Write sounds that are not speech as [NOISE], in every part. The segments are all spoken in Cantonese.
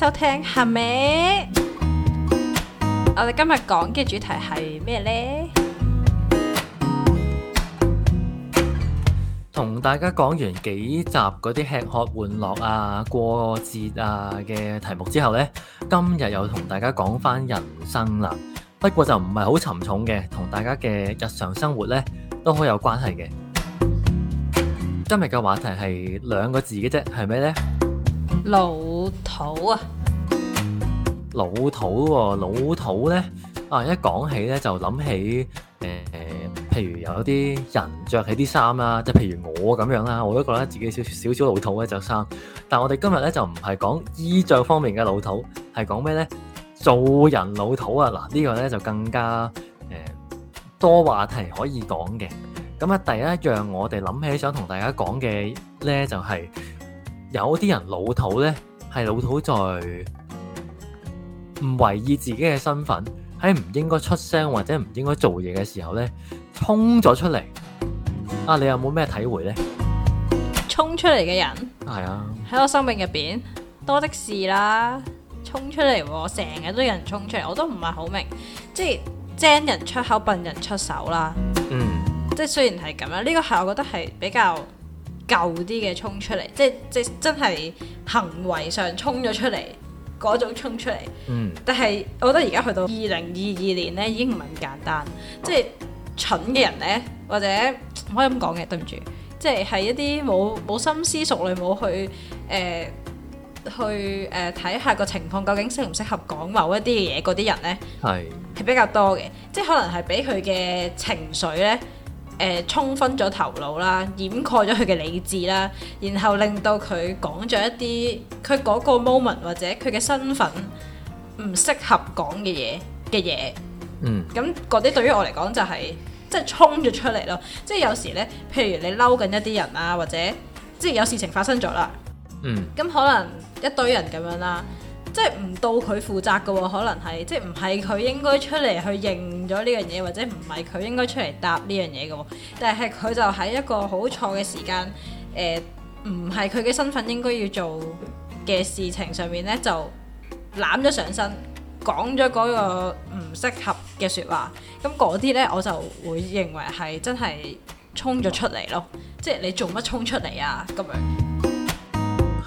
收聽係咪？我哋今日講嘅主題係咩呢？同大家講完幾集嗰啲吃喝玩樂啊、過節啊嘅題目之後呢，今日又同大家講翻人生啦。不過就唔係好沉重嘅，同大家嘅日常生活呢都好有關係嘅。今日嘅話題係兩個字嘅啫，係咩呢？「老。老土啊！老土喎，老土呢，啊！一講起呢，就諗起誒、呃、譬如有啲人着起啲衫啦，即、啊、係譬如我咁樣啦，我都覺得自己少少少老土嘅着衫。但我哋今日呢，就唔係講衣着方面嘅老土，係講咩呢？做人老土啊！嗱、啊，呢、這個呢，就更加誒、呃、多話題可以講嘅。咁啊，第一樣我哋諗起想同大家講嘅呢，就係、是、有啲人老土呢。係老土在唔維意自己嘅身份，喺唔應該出聲或者唔應該做嘢嘅時候咧，衝咗出嚟。啊，你有冇咩體會咧？衝出嚟嘅人，係啊，喺我生命入邊多的是啦。衝出嚟、啊，我成日都有人衝出嚟，我都唔係好明，即係精人出口，笨人出手啦。嗯，即係雖然係咁樣，呢、呢個係我覺得係比較。舊啲嘅衝出嚟，即係即真係行為上衝咗出嚟嗰種衝出嚟。嗯，但係我覺得而家去到二零二二年呢，已經唔係咁簡單。即係蠢嘅人呢，或者唔可以咁講嘅，對唔住，即係一啲冇冇心思熟慮，冇去誒、呃、去誒睇下個情況究竟適唔適合講某一啲嘅嘢，嗰啲人呢係係是 比較多嘅，即係可能係俾佢嘅情緒呢。誒、呃，衝昏咗頭腦啦，掩蓋咗佢嘅理智啦，然後令到佢講咗一啲佢嗰個 moment 或者佢嘅身份唔適合講嘅嘢嘅嘢，嗯，咁嗰啲對於我嚟講就係即係衝咗出嚟咯，即係有時呢，譬如你嬲緊一啲人啊，或者即係有事情發生咗啦，嗯，咁可能一堆人咁樣啦。即係唔到佢負責嘅喎，可能係即係唔係佢應該出嚟去認咗呢樣嘢，或者唔係佢應該出嚟答呢樣嘢嘅喎。但係佢就喺一個好錯嘅時間，誒、呃，唔係佢嘅身份應該要做嘅事情上面呢，就攬咗上身，講咗嗰個唔適合嘅説話。咁嗰啲呢，我就會認為係真係衝咗出嚟咯。即係你做乜衝出嚟啊？咁樣。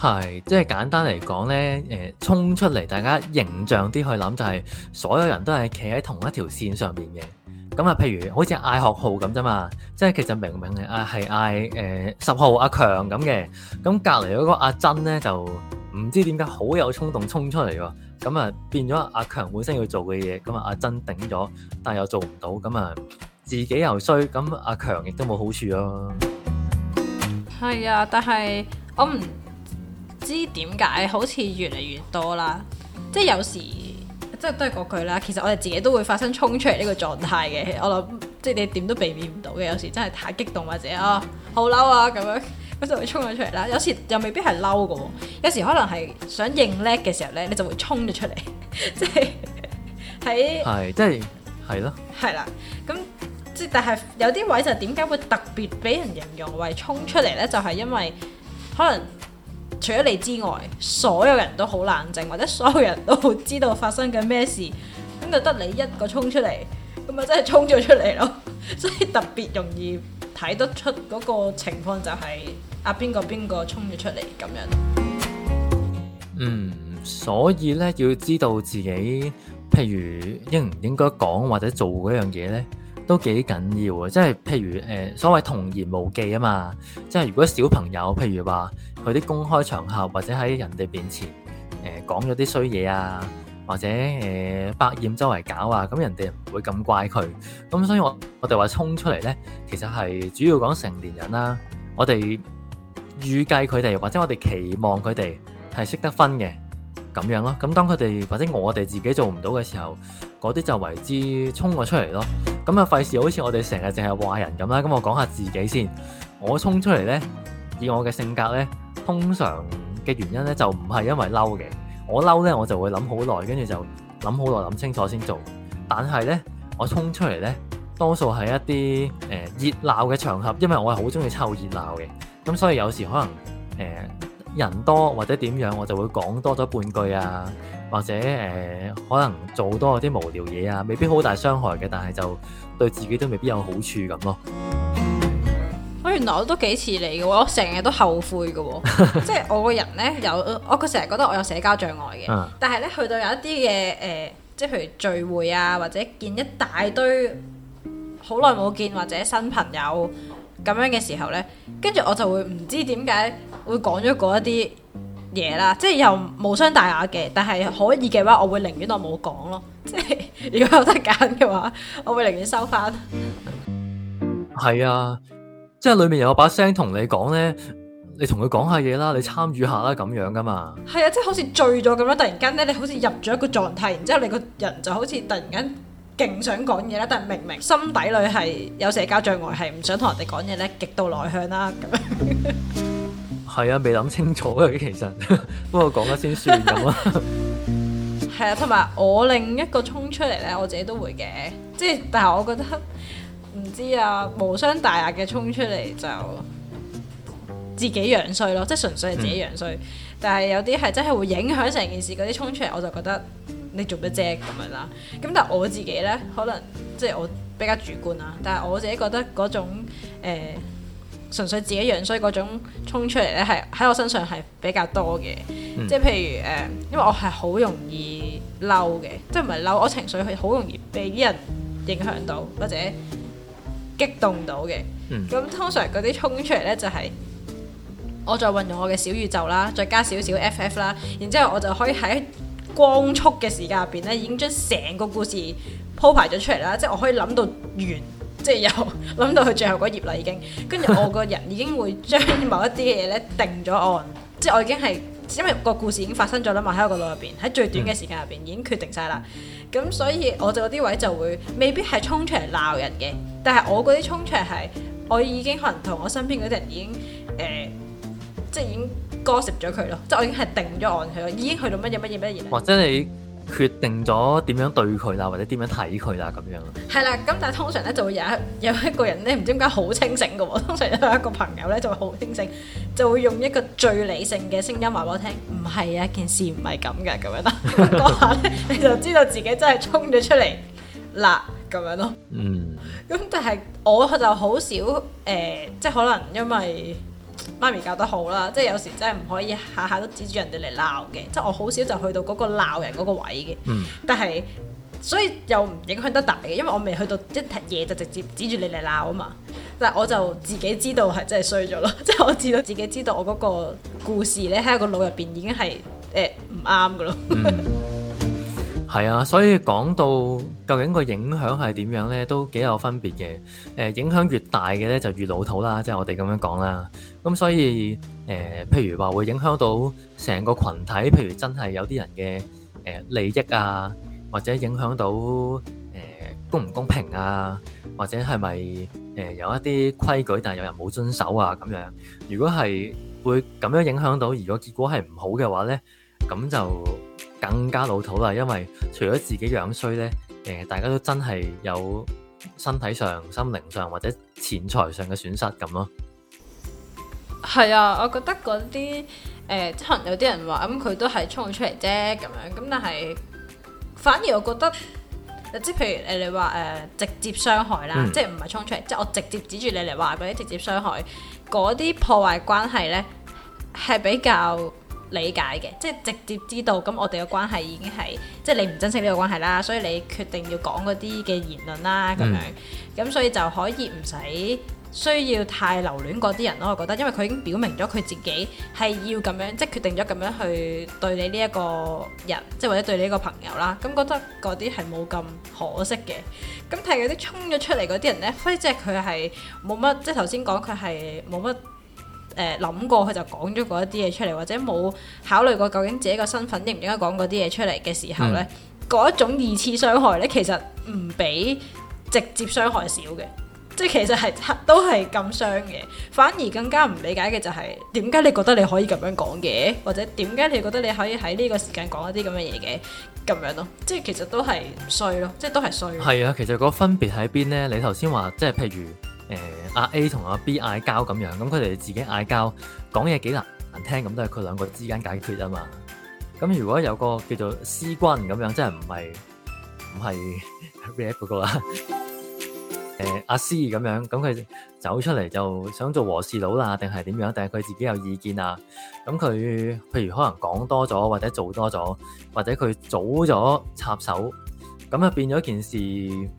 係，即係簡單嚟講呢，誒、呃、衝出嚟，大家形象啲去諗，就係所有人都係企喺同一條線上面嘅。咁啊，譬如好似嗌學號咁啫嘛，即係其實明明係啊，係嗌誒十號阿強咁嘅。咁隔離嗰個阿珍呢，就唔知點解好有衝動衝出嚟喎。咁啊變咗阿強本身要做嘅嘢，咁啊阿珍頂咗，但又做唔到，咁啊自己又衰，咁阿、啊、強亦都冇好處咯、啊。係啊，但係我唔。唔知點解好似越嚟越多啦？即係有時，即係都係嗰句啦。其實我哋自己都會發生衝出嚟呢個狀態嘅。我諗，即係你點都避免唔到嘅。有時真係太激動或者、哦、啊好嬲啊咁樣，咁就會衝咗出嚟啦。有時又未必係嬲嘅，有時可能係想認叻嘅時候呢，你就會衝咗出嚟。即係喺係即係係咯，係啦。咁即、就是、但係有啲位就點解會特別俾人形容為衝出嚟呢？就係、是、因為可能。除咗你之外，所有人都好冷靜，或者所有人都知道發生緊咩事，咁就得你一個衝出嚟，咁咪真係衝咗出嚟咯， [LAUGHS] 所以特別容易睇得出嗰個情況就係阿邊個邊個衝咗出嚟咁樣。嗯，所以咧要知道自己，譬如應唔應該講或者做嗰樣嘢呢，都幾緊要啊！即係譬如誒、呃，所謂童言無忌啊嘛。即係如果小朋友，譬如話佢啲公開場合或者喺人哋面前誒、呃、講咗啲衰嘢啊，或者誒、呃、百厭周圍搞啊，咁人哋唔會咁怪佢。咁所以我我哋話衝出嚟呢，其實係主要講成年人啦、啊。我哋預計佢哋或者我哋期望佢哋係識得分嘅咁樣咯。咁當佢哋或者我哋自己做唔到嘅時候，嗰啲就為之衝咗出嚟咯。咁啊，費事好似我哋成日淨係話人咁啦，咁我講下自己先。我衝出嚟呢，以我嘅性格呢，通常嘅原因呢就唔係因為嬲嘅。我嬲呢，我就會諗好耐，跟住就諗好耐，諗清楚先做。但係呢，我衝出嚟呢，多數係一啲誒、呃、熱鬧嘅場合，因為我係好中意湊熱鬧嘅。咁所以有時可能誒、呃人多或者點樣，我就會講多咗半句啊，或者誒、呃，可能做多啲無聊嘢啊，未必好大傷害嘅，但係就對自己都未必有好處咁咯。我原來我都幾似你嘅喎，我成日都後悔嘅喎， [LAUGHS] 即係我個人呢，有，我佢成日覺得我有社交障礙嘅， [LAUGHS] 但係呢，去到有一啲嘅誒，即係譬如聚會啊，或者見一大堆好耐冇見或者新朋友。咁樣嘅時候呢，跟住我就會唔知點解會講咗嗰一啲嘢啦，即係又無傷大雅嘅，但係可以嘅話，我會寧願我冇講咯，即係如果有得揀嘅話，我會寧願收翻。係啊，即係裏面有把聲同你講呢，你同佢講下嘢啦，你參與下啦，咁樣噶嘛。係啊，即係好似醉咗咁樣，突然間呢，你好似入咗一個狀態，然之後你個人就好似突然間。勁想講嘢啦，但係明明心底裏係有社交障礙，係唔想同人哋講嘢咧，極度內向啦咁樣。係啊，未諗清楚嘅其實，不過講得先算咁啊。係啊，同埋我另一個衝出嚟咧，我自己都會嘅，即係，但係我覺得唔知啊，無傷大雅嘅衝出嚟就自己樣衰咯，即係純粹係自己樣衰。嗯、但係有啲係真係會影響成件事嗰啲衝出嚟，我就覺得。你做乜啫咁樣啦？咁但係我自己呢，可能即係我比較主觀啦。但係我自己覺得嗰種誒、呃、純粹自己樣衰嗰種衝出嚟呢，係喺我身上係比較多嘅。嗯、即係譬如誒、呃，因為我係好容易嬲嘅，即係唔係嬲？我情緒係好容易被啲人影響到或者激動到嘅。咁、嗯、通常嗰啲衝出嚟呢，就係、是、我再運用我嘅小宇宙啦，再加少少 FF 啦，然之後我就可以喺，光速嘅時間入邊咧，已經將成個故事鋪排咗出嚟啦！即係我可以諗到完，即係又諗到佢最後嗰頁啦，已經。跟住我個人已經會將某一啲嘢咧，定咗案， [LAUGHS] 即係我已經係因為個故事已經發生咗啦嘛，喺我個腦入邊，喺最短嘅時間入邊已經決定晒啦。咁、嗯、所以我就嗰啲位就會未必係衝出嚟鬧人嘅，但係我嗰啲衝出嚟係我已經可能同我身邊嗰啲人已經誒、呃，即係已經。割食咗佢咯，即係我已經係定咗案佢咯，已經去到乜嘢乜嘢乜嘢。或者你決定咗點樣對佢啦，或者點樣睇佢啦咁樣。係啦，咁但係通常咧就會有一有一個人咧唔知點解好清醒噶喎。通常有一個朋友咧就會好清醒，就會用一個最理性嘅聲音話俾我聽，唔係啊，件事唔係咁嘅，咁樣啦。嗰下咧你就知道自己真係衝咗出嚟啦咁樣咯。嗯。咁但係我就好少誒，即係可能因為。媽咪教得好啦，即係有時真係唔可以下下都指住人哋嚟鬧嘅，即係我好少就去到嗰個鬧人嗰個位嘅。嗯。但係，所以又唔影響得大嘅，因為我未去到一嘢就直接指住你嚟鬧啊嘛。但係我就自己知道係真係衰咗咯，即係我知道自己知道我嗰個故事呢，喺個腦入邊已經係誒唔啱嘅咯。呃 [LAUGHS] 係啊，所以講到究竟個影響係點樣咧？都幾有分別嘅。誒，影響越大嘅咧，就越老土啦，即係我哋咁樣講啦。咁所以誒，譬如話會影響到成個群體，譬如真係有啲人嘅誒利益啊，或者影響到誒公唔公平啊，或者係咪誒有一啲規矩，但係有人冇遵守啊咁樣。如果係會咁樣影響到，如果結果係唔好嘅話咧，咁就。更加老土啦，因為除咗自己樣衰呢，誒，大家都真係有身體上、心靈上或者錢財上嘅損失咁咯。係啊，我覺得嗰啲誒，即可能有啲人話咁，佢都係衝出嚟啫，咁樣咁，但係反而我覺得，即係譬如誒，你話誒，直接傷害啦，即係唔係衝出嚟，即係我直接指住你嚟話嗰啲直接傷害，嗰啲破壞關係呢，係比較。理解嘅，即係直接知道咁我哋嘅關係已經係，即係你唔珍惜呢個關係啦，所以你決定要講嗰啲嘅言論啦，嗯、咁樣，咁所以就可以唔使需要太留戀嗰啲人咯，我覺得，因為佢已經表明咗佢自己係要咁樣，即係決定咗咁樣去對你呢一個人，即係或者對你呢個朋友啦，咁覺得嗰啲係冇咁可惜嘅。咁但係嗰啲沖咗出嚟嗰啲人咧，反而即係佢係冇乜，即係頭先講佢係冇乜。誒，諗過佢就講咗嗰一啲嘢出嚟，或者冇考慮過究竟自己個身份應唔應該講嗰啲嘢出嚟嘅時候呢，嗰一種二次傷害呢，其實唔比直接傷害少嘅，即係其實係都係咁傷嘅。反而更加唔理解嘅就係，點解你覺得你可以咁樣講嘅，或者點解你覺得你可以喺呢個時間講一啲咁嘅嘢嘅，咁樣咯，即係其實都係衰咯，即係都係衰。係啊，其實個分別喺邊呢？你頭先話即係譬如。誒，阿、呃、A 同阿 B 嗌交咁樣，咁佢哋自己嗌交，講嘢幾難難聽，咁都係佢兩個之間解決啊嘛。咁如果有個叫做 C 君咁樣，即係唔係唔係 rap 嗰個啦，誒，阿、 [LAUGHS] 呃、C 咁樣，咁佢走出嚟就想做和事佬啦，定係點樣？定係佢自己有意見啊？咁佢，譬如可能講多咗，或者做多咗，或者佢早咗插手，咁就變咗件事，誒、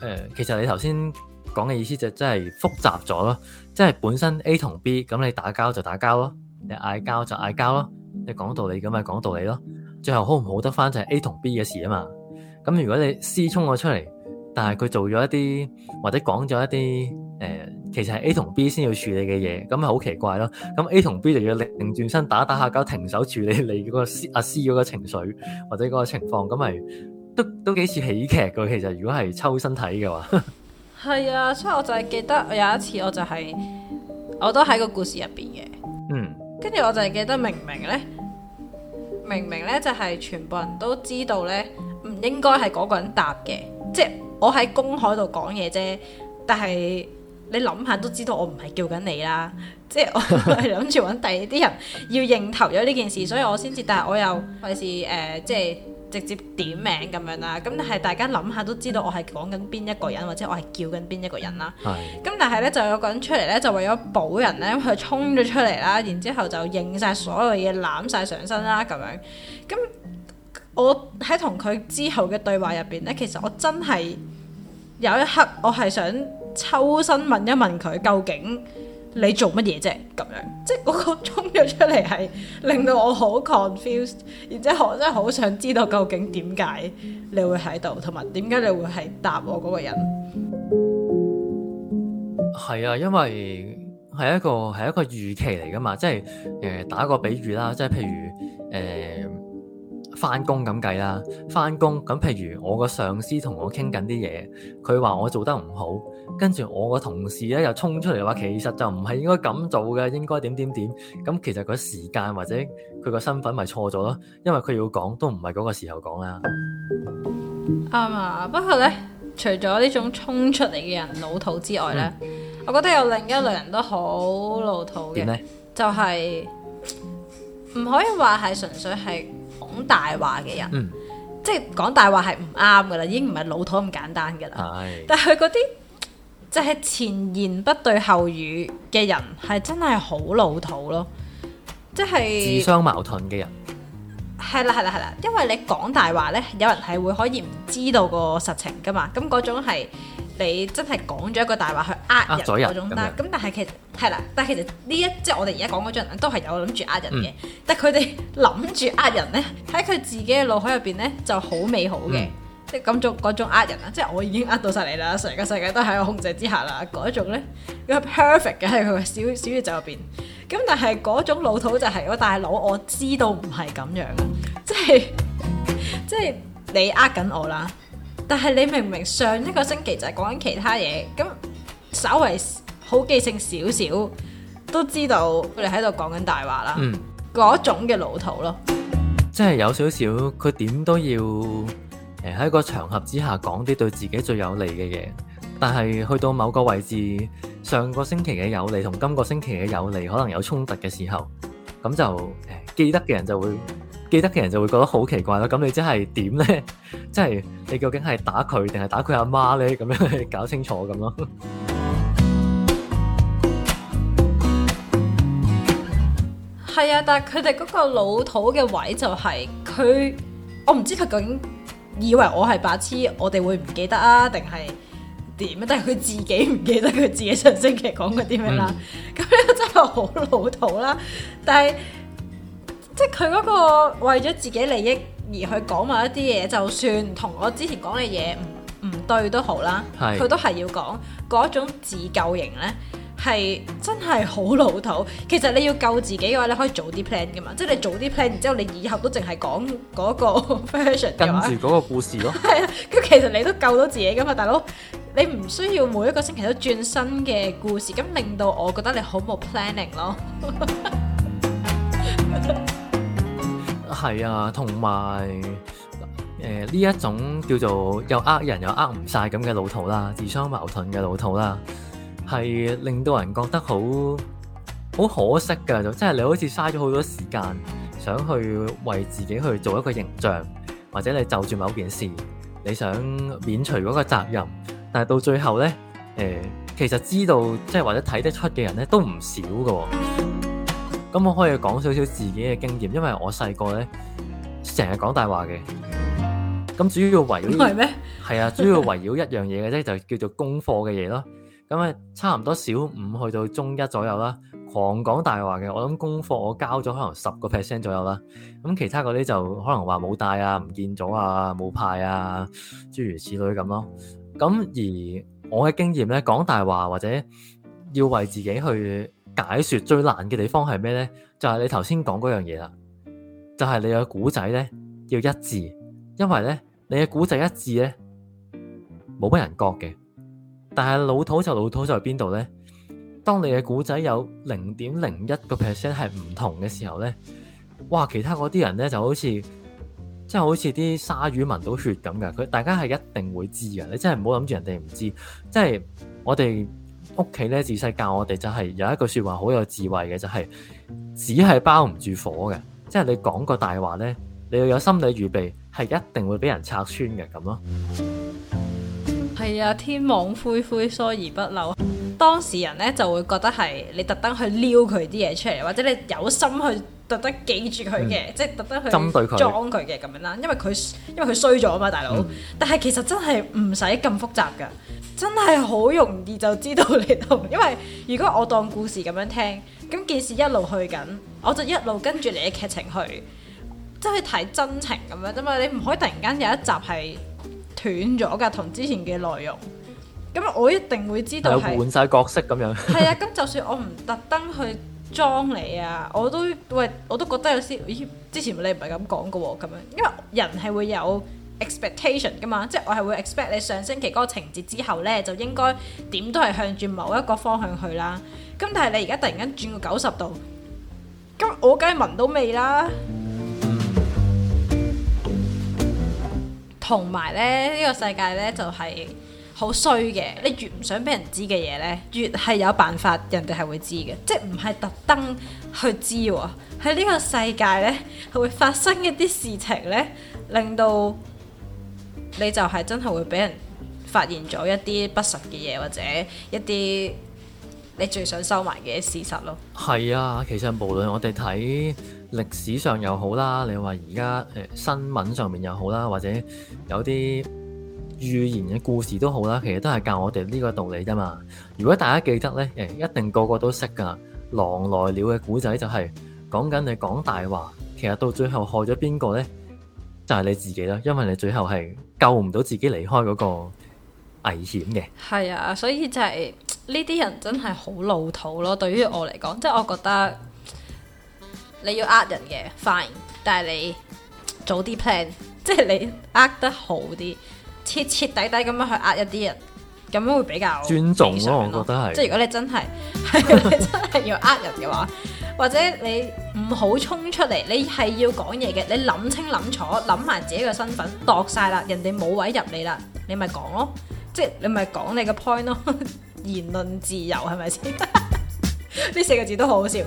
呃，其實你頭先。講嘅意思就真係複雜咗咯，即係本身 A 同 B 咁你打交就打交咯，你嗌交就嗌交咯，你講道理咁咪講道理咯，最後好唔好得翻就係 A 同 B 嘅事啊嘛。咁如果你 C 衝咗出嚟，但係佢做咗一啲或者講咗一啲誒、呃，其實係 A 同 B 先要處理嘅嘢，咁咪好奇怪咯。咁 A 同 B 就要擰擰轉身打打下交，停手處理你嗰個 C 啊 C 個情緒或者嗰個情況，咁咪。都都幾似喜劇噶。其實如果係抽身睇嘅話。 [LAUGHS] 係啊，所以我就係記得有一次我，就是，我就係我都喺個故事入邊嘅。嗯，跟住我就係記得明明呢，明明呢就係全部人都知道呢，唔應該係嗰個人答嘅，即係我喺公海度講嘢啫。但係你諗下都知道，我唔係叫緊你啦，即係我係諗住揾第二啲人要認頭咗呢件事， [LAUGHS] 所以我先至。但係我又費事誒，即係。直接點名咁樣啦，咁但係大家諗下都知道我係講緊邊一個人，或者我係叫緊邊一個人啦。咁的但係呢，就有個人出嚟呢，就為咗保人呢，佢衝咗出嚟啦，然後認之後就認晒所有嘢，攬晒上身啦咁樣。咁我喺同佢之後嘅對話入邊呢，其實我真係有一刻我係想抽身問一問佢究竟。你做乜嘢啫？咁樣，即係嗰個衝咗出嚟，係令到我好 confused，而且我真係好想知道究竟點解你會喺度，同埋點解你會係答我嗰個人？係啊，因為係一個係一個預期嚟㗎嘛，即係誒、呃、打一個比喻啦，即係譬如誒。呃翻工咁計啦，翻工咁，譬如我個上司同我傾緊啲嘢，佢話我做得唔好，跟住我個同事咧又衝出嚟話，其實就唔係應該咁做嘅，應該點點點。咁、嗯嗯嗯、其實個時間或者佢個身份咪錯咗咯，因為佢要講都唔係嗰個時候講啦。啱啊，不過咧，除咗呢種衝出嚟嘅人老土之外咧，嗯、我覺得有另一類人都好老土嘅，啊、就係、是、唔可以話係純粹係。講大話嘅人，嗯、即係講大話係唔啱噶啦，已經唔係老土咁簡單噶啦。嗯、但係佢嗰啲即係前言不對後語嘅人，係真係好老土咯，即係自相矛盾嘅人。係啦係啦係啦，因為你講大話呢，有人係會可以唔知道個實情噶嘛，咁嗰種係。你真係講咗一個大話去呃人嗰種啦，咁但係其實係啦，但係其實呢一即係我哋而家講嗰種人都係有諗住呃人嘅，嗯、但係佢哋諗住呃人咧喺佢自己嘅腦海入邊咧就好美好嘅，嗯，即係咁種嗰種呃人啦，即係我已經呃到晒你啦，成個世界都喺我控制之下啦，嗰一種咧佢 perfect 嘅喺佢個小小宇宙入邊，咁但係嗰種老土就係、是、我大佬，我知道唔係咁樣嘅，即係即係你呃緊我啦。但係你明唔明上一個星期就係講緊其他嘢，咁稍為好記性少少都知道佢哋喺度講緊大話啦。嗯，嗰種嘅老土咯，即係有少少，佢點都要誒喺個場合之下講啲對自己最有利嘅嘢。但係去到某個位置，上個星期嘅有利同今個星期嘅有利可能有衝突嘅時候，咁就誒記得嘅人就會。記得嘅人就會覺得好奇怪咯，咁你真係點呢？即係你究竟係打佢定係打佢阿媽呢？咁樣去搞清楚咁咯。係啊，但係佢哋嗰個老土嘅位就係、是、佢，我唔知佢究竟以為我係白痴，我哋會唔記得啊？定係點？但係佢自己唔記得佢自己上星期講過啲咩啦。咁樣真係好老土啦。 [LAUGHS] [LAUGHS] 但係。即係佢嗰個為咗自己利益而去講埋一啲嘢，就算同我之前講嘅嘢唔唔對好是都好啦，佢都係要講嗰種自救型呢，係真係好老土。其實你要救自己嘅話，你可以早啲 plan 噶嘛，即係你早啲 plan，然之後你以後都淨係講嗰個 version 跟住，個故事咯。係啊，咁其實你都救到自己噶嘛，大佬，你唔需要每一個星期都轉新嘅故事，咁令到我覺得你好冇 planning 咯。 [LAUGHS] 係啊，同埋誒呢一種叫做又呃人又呃唔晒咁嘅老土啦，自相矛盾嘅老土啦，係令到人覺得好好可惜㗎，就即係你好似嘥咗好多時間，想去為自己去做一個形象，或者你就住某件事，你想免除嗰個責任，但係到最後呢，誒、呃、其實知道即係或者睇得出嘅人呢，都唔少㗎、哦。咁我可以講少少自己嘅經驗，因為我細個咧成日講大話嘅，咁主要圍繞，係是 [LAUGHS] 係啊，主要圍繞一樣嘢嘅啫，就叫做功課嘅嘢咯。咁啊，差唔多小五去到中一左右啦，狂講大話嘅。我諗功課我交咗可能十個 percent 左右啦，咁其他嗰啲就可能話冇帶啊、唔見咗啊、冇派啊，諸如此類咁咯。咁而我嘅經驗咧，講大話或者要為自己去。解說最難嘅地方係咩咧？就係、是、你頭先講嗰樣嘢啦，就係、是、你嘅古仔咧要一致，因為咧你嘅古仔一致咧冇乜人覺嘅，但係老土就老土就喺邊度咧？當你嘅古仔有零點零一個 percent 係唔同嘅時候咧，哇！其他嗰啲人咧就好似即係好似啲鯊魚聞到血咁㗎，佢大家係一定會知嘅。你真係唔好諗住人哋唔知，即、就、係、是、我哋。屋企咧，自細教我哋就係有一句說話好有智慧嘅，就係紙係包唔住火嘅。即係你講個大話咧，你要有心理預備，係一定會俾人拆穿嘅咁咯。係啊，天網恢恢，疏而不漏。當事人咧就會覺得係你特登去撩佢啲嘢出嚟，或者你有心去特登記住佢嘅，嗯、即係特登去針對佢，裝佢嘅咁樣啦。因為佢因為佢衰咗啊嘛，大佬。嗯、但係其實真係唔使咁複雜噶，真係好容易就知道你同。因為如果我當故事咁樣聽，咁件事一路去緊，我就一路跟住你嘅劇情去，即係睇真情咁樣啫嘛。你唔可以突然間有一集係斷咗噶，同之前嘅內容。咁我一定會知道。係換晒角色咁樣。係 [LAUGHS] 啊，咁就算我唔特登去。裝你啊！我都喂，我都覺得有啲咦？之前你唔係咁講噶喎，咁樣，因為人係會有 expectation 噶嘛，即係我係會 expect 你上星期嗰個情節之後咧，就應該點都係向住某一個方向去啦。咁但係你而家突然間轉個九十度，咁我梗係聞到味啦。同埋咧，呢個世界咧就係。好衰嘅，你越唔想俾人知嘅嘢呢，越係有辦法，人哋係會知嘅，即係唔係特登去知喎？喺呢個世界呢，係會發生一啲事情呢，令到你就係真係會俾人發現咗一啲不實嘅嘢，或者一啲你最想收埋嘅事實咯。係啊，其實無論我哋睇歷史上又好啦，你話而家誒新聞上面又好啦，或者有啲寓言嘅故事都好啦，其實都係教我哋呢個道理啫嘛。如果大家記得呢，誒，一定個個都識噶。狼來了嘅古仔就係講緊你講大話，其實到最後害咗邊個呢？就係你自己啦。因為你最後係救唔到自己離開嗰個危險嘅。係啊，所以就係呢啲人真係好老土咯。對於我嚟講，即係我覺得你要呃人嘅 fine，但係你早啲 plan，即係你呃得好啲。徹徹底底咁樣去呃一啲人，咁樣會比較尊重咯。我覺得係，即係如果你真係，係 [LAUGHS] 你真係要呃人嘅話，或者你唔好衝出嚟，你係要講嘢嘅，你諗清諗楚，諗埋自己嘅身份，度晒啦，人哋冇位入你啦，你咪講咯，即係你咪講你嘅 point 咯， [LAUGHS] 言論自由係咪先？呢 [LAUGHS] 四個字都好好笑。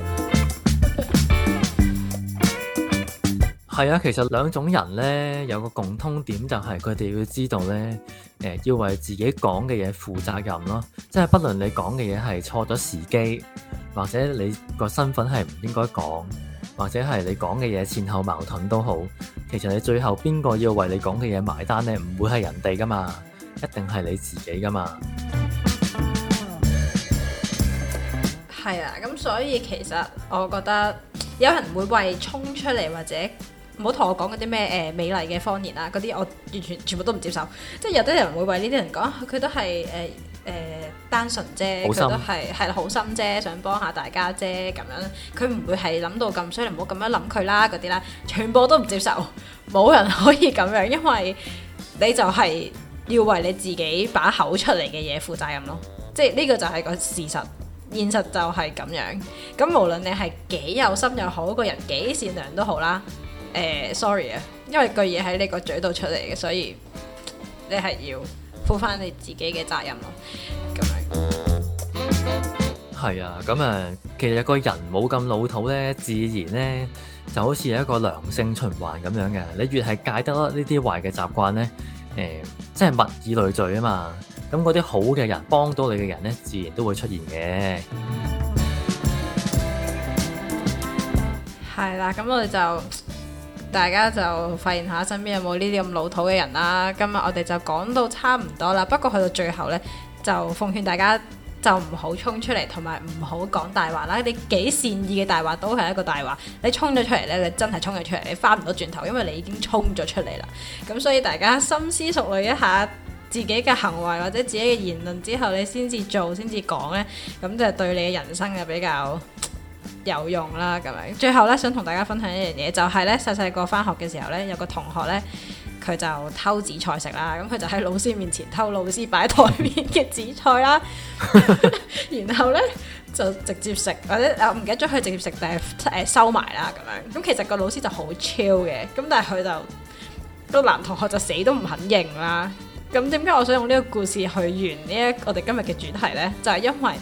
係啊，其實兩種人咧，有個共通點就係佢哋要知道咧，誒、呃、要為自己講嘅嘢負責任咯。即係不論你講嘅嘢係錯咗時機，或者你個身份係唔應該講，或者係你講嘅嘢前後矛盾都好，其實你最後邊個要為你講嘅嘢埋單咧？唔會係人哋噶嘛，一定係你自己噶嘛。係啊，咁所以其實我覺得有人會為衝出嚟或者。唔好同我講嗰啲咩誒美麗嘅謊言啊，嗰啲我完全全部都唔接受。即係有啲人會為呢啲人講，佢都係誒誒單純啫，佢都係係好心啫，想幫下大家啫咁樣。佢唔會係諗到咁衰，所以唔好咁樣諗佢啦，嗰啲啦，全部都唔接受。冇人可以咁樣，因為你就係要為你自己把口出嚟嘅嘢負責任咯。即係呢個就係個事實，現實就係咁樣。咁無論你係幾有心又好，個人幾善良都好啦。誒、uh，sorry 啊，因為句嘢喺你個嘴度出嚟嘅，所以你係要負翻你自己嘅責任咯。咁樣係啊，咁啊，其實一個人冇咁老土咧，自然咧就好似一個良性循環咁樣嘅。你越係戒得呢啲壞嘅習慣咧，誒、呃，即係物以類聚啊嘛。咁嗰啲好嘅人幫到你嘅人咧，自然都會出現嘅。係啦，咁我哋就。大家就發現下身邊有冇呢啲咁老土嘅人啦。今日我哋就講到差唔多啦，不過去到最後呢，就奉勸大家就唔好衝出嚟，同埋唔好講大話啦。你幾善意嘅大話都係一個大話，你衝咗出嚟呢，你真係衝咗出嚟，你翻唔到轉頭，因為你已經衝咗出嚟啦。咁所以大家深思熟慮一下自己嘅行為或者自己嘅言論之後，你先至做，先至講呢。咁就對你嘅人生就比較有用啦，咁樣最後咧，想同大家分享一樣嘢，就係咧，細細個返學嘅時候咧，有個同學咧，佢就偷紫菜食啦。咁佢就喺老師面前偷老師擺台面嘅紫菜啦， [LAUGHS] [LAUGHS] 然後咧就直接食，或者誒唔記得咗，佢直接食定係誒收埋啦。咁樣，咁其實個老師就好 chill 嘅，咁但係佢就個男同學就死都唔肯認啦。咁點解我想用呢個故事去完呢一我哋今日嘅主題咧，就係因為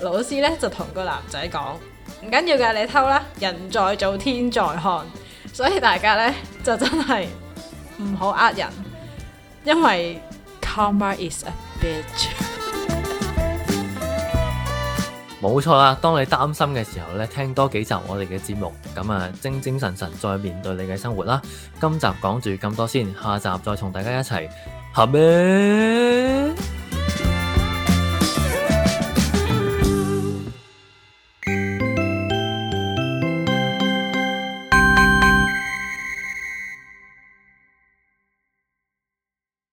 老師咧就同個男仔講。唔緊要嘅，你偷啦！人在做，天在看，所以大家呢就真係唔好呃人，因為 Karma is a bitch。冇錯啦，當你擔心嘅時候呢，聽多幾集我哋嘅節目，咁啊精精神神再面對你嘅生活啦。今集講住咁多先，下集再同大家一齊合咩？